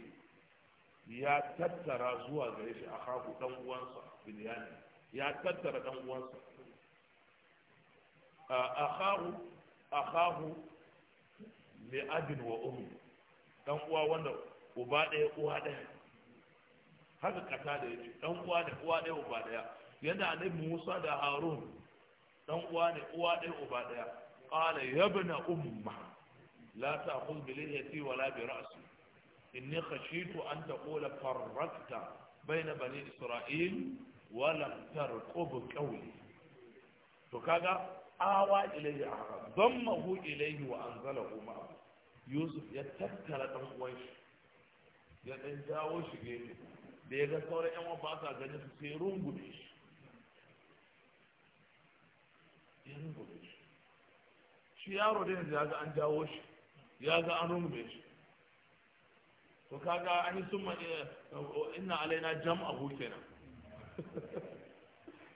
ya tattara zuwa gare shi a haku dan uwansa binyani ya tattara dan uwansa A a akhahu li abin wa ummi dan uwa wanda uba daya uwa daya haka kata da yace dan uwa da uwa daya uba daya yadda annabi Musa da Harun dan uwa ne uwa ɗaya uba ɗaya qala yabna umma la ta'khudh bi lihiyati wa la bi ra'si inni khashitu an taqula farrakta bayna bani isra'il wa lam tarqub qawli to kaga awa ilayhi ahra dammahu ilayhi wa anzalahu ma yusuf ya tattara dan uwan shi ya dan jawo shi gefe da ya ga sauran yan uwa ba sa ganin su sai rungume shi ya rungume shi shi yaro da yanzu ya ga an jawo shi ya ga an rungume shi to kaga an yi summa eh, inna alaina jam'ahu kenan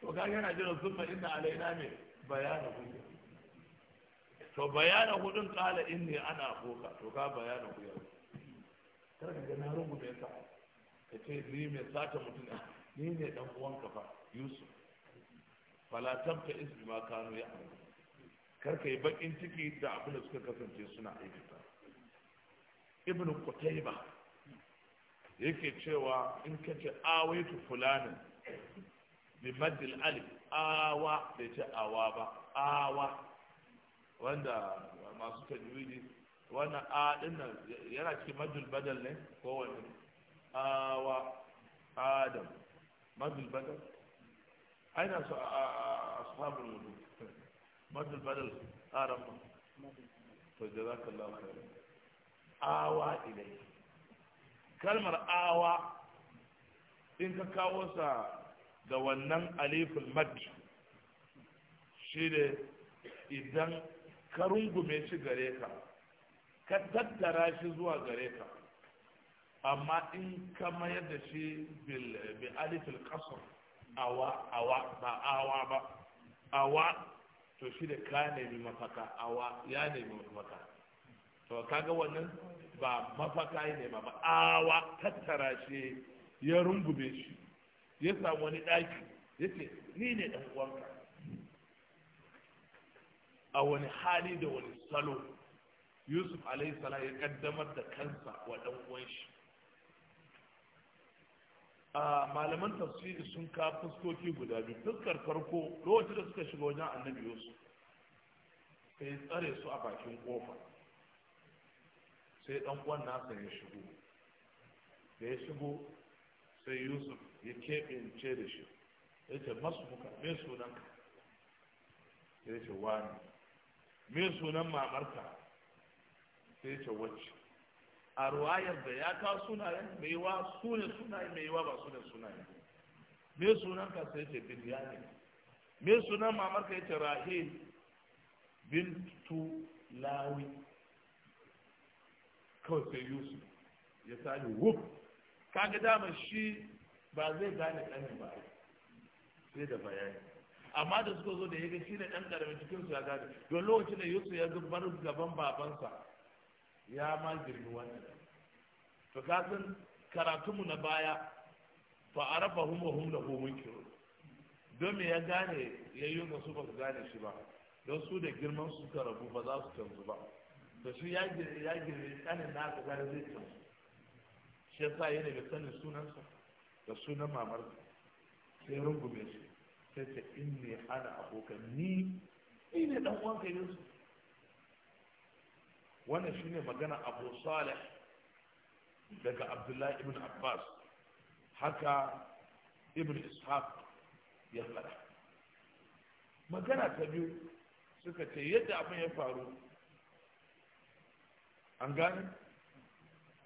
to kaga yana jiran summa inna alaina ne bayana ku to bayana ku din kala inni ana koka to ka bayana ku yau kar ka ga na rungume ka ka ce ni mai sata mutum ni ne dan uwan fa yusuf fala tabta is bima kanu ya'malu kar kai bakin ciki da abin da suka kasance suna aiki ta ibnu qutayba yake cewa in kace awaitu fulanin bi al alif awa da ce awa ba awa wanda masu tajwidi wannan a nan yana cikin madul badal ne ko wani awa adam madul badal aina su a ashabul wudu madul badal aram to jazakallahu awa ilai kalmar awa in ka kawo sa da wannan aliful mad shi ne idan ka rungume shi gare ka ka tattara shi zuwa gare ka amma in ka mayar da shi bi alifin kasar awa awa ba awa ba awa to shi da ka nemi mafaka awa ya nemi mafaka to kaga wannan ba mafaka ya nema ba awa tattara shi ya rungume shi ya samu wani ɗaki ya ce ni ne ɗan uwanka a wani hali da wani salo yusuf alaihi salam ya kaddamar da kansa wa ɗan uwan shi a malaman tafsiri sun ka fuskoki guda biyu fuskar farko lokacin da suka shiga wajen annabi yusuf sai tsare su a bakin kofa sai dan uwan nasa ya shigo da ya shigo sai yusuf ya ce da shi ya ce masu muka me sunanka sai ya ce wani me sunan mamarka sai ya ce wacce a ruwayar da ya kawo sunayen mai wa su ne sunayen mai wa ba su ne sunayen me sunan ka sai ce biryani me sunan mamar ka yace rahil bintu lawi kawai sai yusuf ya sani wuf kaga dama shi ba zai gane ɗanin ba sai da bayani amma da suka zo da ya ga shi ne ɗan ƙaramin cikin su ya gane don lokacin da yusuf ya zubar gaban babansa ya ma girbi wannan to kasan karatunmu na baya fa arafa hum wa hum lahu munkirun don me ya gane yayyun da su ba su gane shi ba don su da girman su ka rabu ba za su canzu ba da shi ya girbi ya girbi tsanin na ka gane zai canzu shi yasa ya daga sanin sunansa da sunan mamarsa sai rungume shi sai ce inni ana abokan ni ni ne dan uwanka yusuf wannan shine magana abu salih daga abdullahi ibn abbas haka ibn ishaq ya fara. magana ta biyu suka ce yadda abin ya faru an gani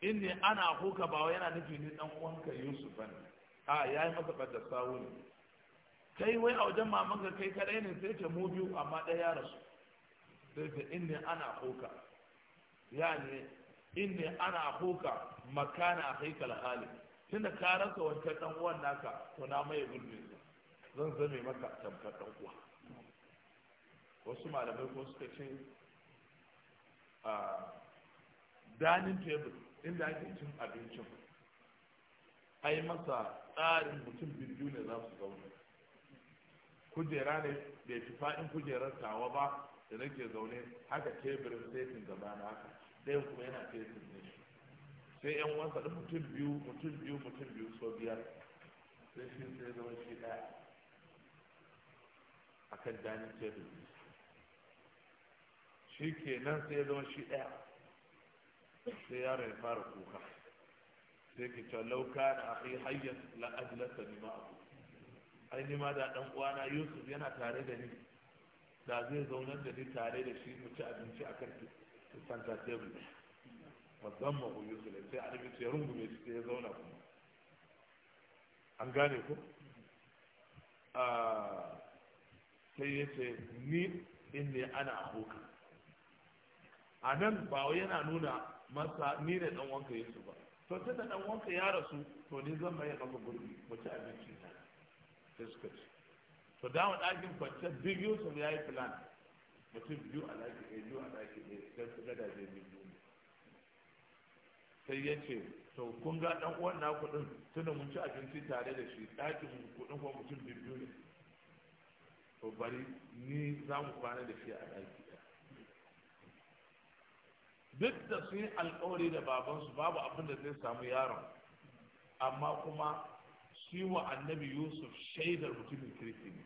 inni ana huka bawa yana nufi ni dan uwanka yusuf ne a yi masa bada sawu ne kai wai a wajen mamanka kai kaɗai ne sai ta mu biyu amma ɗaya ya rasu sai ta inni ana huka yani inni ana akuka makana akaika alhali tunda ka rasa wancan dan uwan naka to na mai gurbin zan zame maka tamkar dan uwa wasu malamai ko suka ce a dining table inda ake cin abincin ai masa tsarin mutum biyu ne za su zauna kujera ne bai fi faɗin kujerar tawa ba da nake zaune haka teburin setin gaba na haka ɗayan kuma yana facebook ne sai yan wasa da mutum biyu mutum biyu mutum biyu so biyar sai shi sai zama shi ɗaya a kan dining table shi ke nan sai ya zama shi ɗaya sai yaron ya fara kuka sai ke cewa lauka na akai hayyan la'ajilasta ne ma abu ai ni ma da ɗan uwana yusuf yana tare da ni da zai zaunar da ni tare da shi mu ci abinci a kan santa table musamman ku yi sulai sai annabi ya rungume shi sai ya zauna kuma an gane ku ah, sai ya ce ni in ne ana ahuka a nan ba yana nuna masa ni da dan wanka yesu ba to sai da dan wanka ya rasu to ni zan mai maka gurbi mu abinci ta sai suka ci to dama ɗakin kwanciyar big yusuf ya yi filan mutum biyu a ɗaki ɗaya biyu a ɗaki ɗaya don su gadaje biyu sai ya ce to kun ga ɗan uwan na kuɗin tunda mun ci abinci tare da shi ɗakin kuɗin ko mutum biyu ne to bari ni za mu kwana da shi a ɗaki duk da su yi alkawari da babansu babu abin da zai samu yaron amma kuma shi wa annabi yusuf shaidar mutumin kirki ne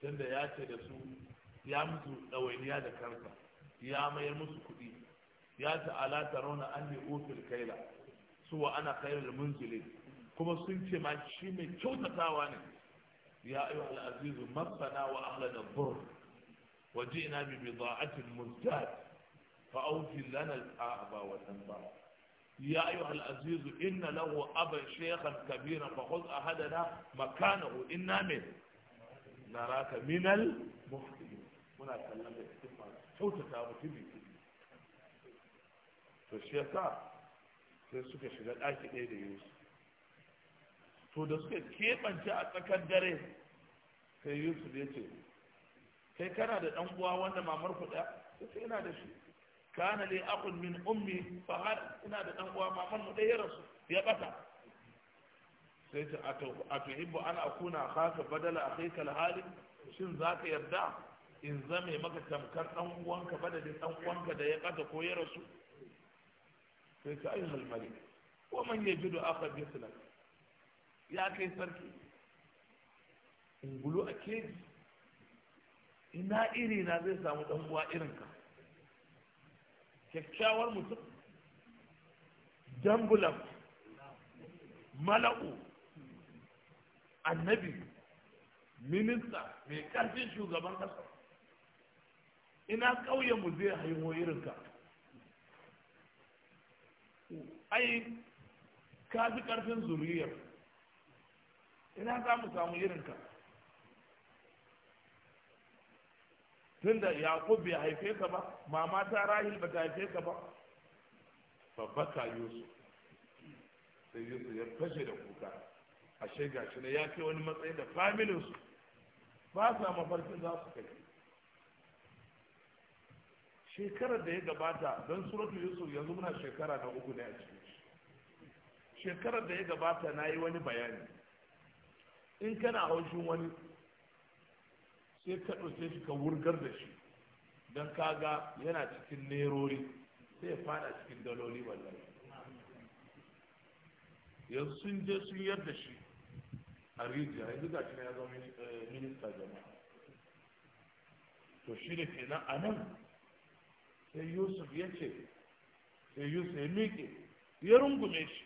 tunda ya ce da su ya musu ɗawainiya da karka ya mayar musu kuɗi ya ta'ala ta rauna an ne ofil kaila su wa ana kairar munzile kuma sun ce ma shi mai kyautatawa ne ya ayu al'azizu masana wa ahlan al-bur wa ji'na bi bida'atin muzdad fa auki lana al-a'ba wa ba. ya ayu al'azizu inna lahu aban shaykhan kabira fa khudh ahadana makanahu inna min naraka minal muna kallon da cikin masu kyautata mutum ne to shi ya sa sai suka shiga ɗaki ɗaya da yusuf to da suka keɓance a tsakar dare sai yusuf ya ce kai kana da ɗan uwa wanda mamar kuɗa sai ina da shi kana ne akun min ummi fa har ina da ɗan uwa mamar mu ɗaya rasu ya ɓata sai ce a tuhibbu ana akuna kasa badala kai kalhali shin za ka yarda in zame maka tamkar dan uwanka badadin dan uwanka da ya kada ko ya rasu sai ka ayi halmari ko man ya jidu aka bisla ya kai sarki in gulu a keji ina iri na zai samu dan uwa irin ka? kyakkyawar mutum dambulam mala'u annabi minista mai karfin shugaban kasa ina ƙauyen mu zai haihu irinka ai ka fi ƙarfin zuriyar ina za mu samu irinka tunda yaƙub bai haife ka ba mama ta rahil ba ta haife ka ba babba ka yusuf sai yusuf ya fashe da kuka ashe shi ne ya ke wani matsayin da familinsu ba sa mafarkin za su kai shekarar da ya gabata don suratul yusuf yanzu muna shekara na uku ne a ciki shekarar da ya gabata na yi wani bayani in kana haushin wani sai ka ɗauke shi ka wurgar da shi don kaga yana cikin nerori sai ya fada cikin daloli wallahi yanzu sun je sun yarda shi a rijiya yanzu ga shi ya zama eh, minista jama'a to shi da ke nan a nan sai yusuf ya ce sai yusuf ya miƙe ya rungume shi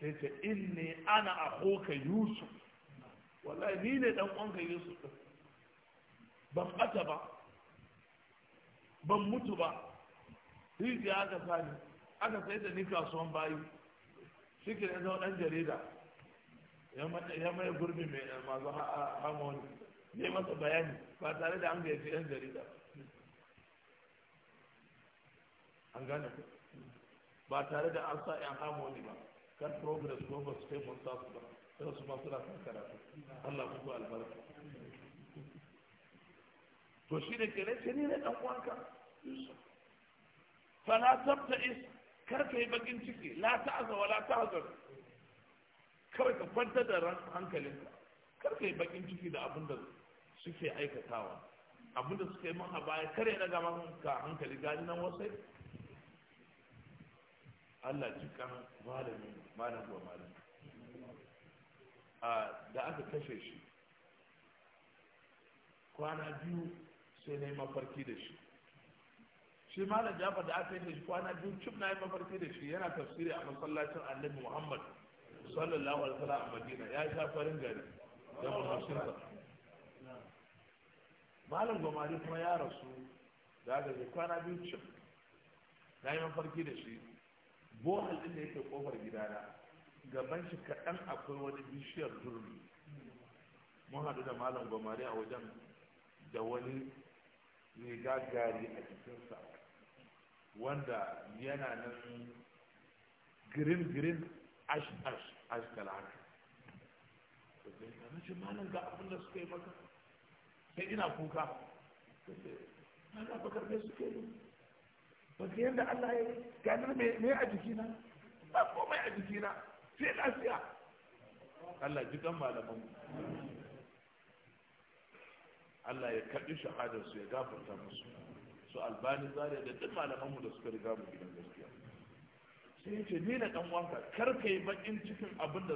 sai ce inni ana ahoka yusuf wallahi ni ne dan uwanka yusuf ban ɓata ba ban mutu ba rijiya aka sani aka sai da ni kasuwan bayi shi ke zama ɗan jarida ya mai gurbi mai masu hama wani ne masa bayani ba tare da an gaji ɗan jarida ba an gane ku ba tare da an sa yan wani ba kan progress ko ba su kai mun sa su ba sai su ma suna kan karatu Allah ku albarka to shi ne kere ce ne dan uwanka fala tabta is kar kai bakin ciki la ta'za wala ta'zur kawai ka kwantar da ran hankalinka kar kai bakin ciki da abin da suke aikatawa abin da suka yi mun a baya kare daga maka hankali gani nan wasai Allah cikin malami malam wa a da aka kashe shi kwana biyu sai na yi mafarki da shi shi malam jafar da aka yi shi kwana biyu cif na yi mafarki da shi yana tafsiri a masallacin annabi muhammad sallallahu alaihi wasallam a madina ya sha farin gari da mafashinsa malam gwamnati kuma ya rasu da aka yi kwana biyu cif na yi mafarki da shi bohal din da yake kofar gidana gaban shi kaɗan akwai wani bishiyar durmi mun haɗu da malam gomari a wajen da wani riga gari a jikinsa wanda yana nan girin-girin ash ash ash kalaka na ce malam ga abin da suka yi maka sai ina kuka na ga bakar ne suke yi wasu yadda Allah ya ganar me a jikina ba komai a jikina sai lafiya Allah ji kan malaman Allah ya kaɗi shahadar su ya gafarta musu su albani zare da duk malaman mu da suka riga mu gidan gaskiya sai yace ni na dan wanka kar kai bakin cikin abin da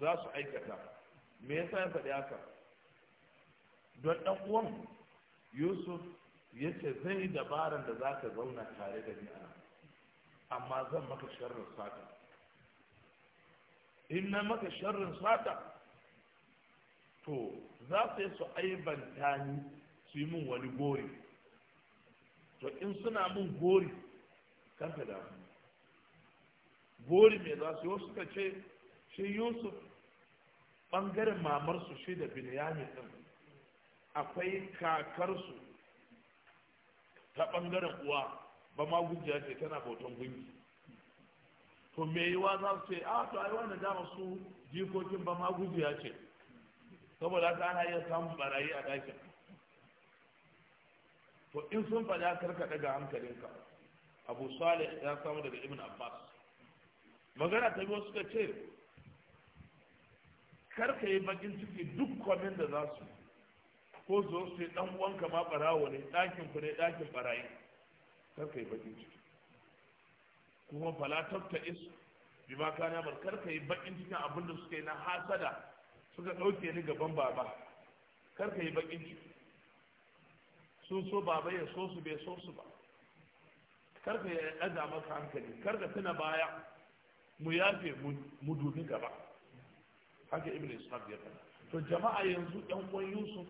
za su aikata me yasa ya faɗi haka don dan uwan Yusuf ya ce zan yi dabaran da za ka zauna tare da ni ana amma zan maka sharrin sata in na maka sharrin sata to za su yi su aibanta ni su yi min wani gori to in suna min gori kan ka damu gori mai za su yi wasu ka ce shi yusuf ɓangaren mamarsu shi da binyamin ɗin akwai kakarsu ta bangaren uwa ba ma gujiya ce tana bautan gunki to me yiwa za su ce a to ai wannan dama su jikokin ba ma gujiya ce saboda ta ana iya samun barayi a ɗakin to in sun fada karka daga hankalinka abu salih ya samu daga ibn abbas magana ta biyu suka ce karka yi bakin ciki duk kwamin da za su yi. ko zo su dan uwanka ma barawo ne dakin ku ne ɗakin barayi kar ka yi bakin ciki kuma fala tafta is bima kana bar kar ka yi bakin cikin abin da suka yi na hasada suka ɗauke ni gaban baba kar ka yi bakin ciki sun so baba ya so su bai so su ba kar ka yi ɗaga maka hankali kar ka tuna baya mu yafe mu dubi gaba haka ibn ishaq ya faɗa to jama'a yanzu ɗan uwan yusuf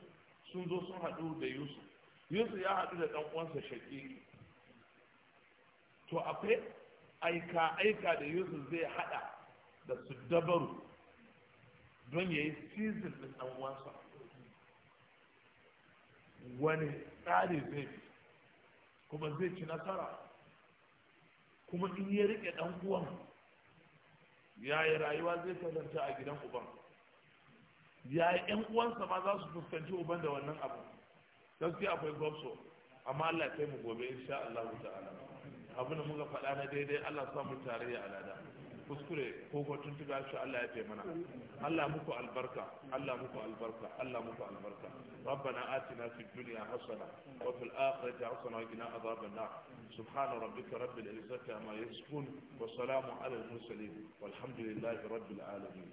sun zo sun haɗu da yusuf yusuf ya haɗu da ɗan uwansa to akwai aika aika da yusuf zai haɗa da su dabaru don ya yi sizin ɗin ɗanuwansa uwansa wani tsari zai fi? kuma zai ci nasara kuma in ya riƙe ɗan uwan yaya rayuwa zai kasance a gidan uban yaya yi ‘yan uwansa ma za su fuskanci uban da wannan abu gaskiya akwai gwamso amma Allah kai mu gobe insha Allah ta'ala abu da muka faɗa na daidai Allah samu mu tare ya alada kuskure ko ko tun tuga Allah ya taimana Allah muku albarka Allah muku albarka Allah muku albarka rabbana atina fid dunya hasana wa fil akhirati hasana wa qina adhaban nar subhana rabbika rabbil izzati amma yasifun wa salamun alal mursalin walhamdulillahi rabbil alamin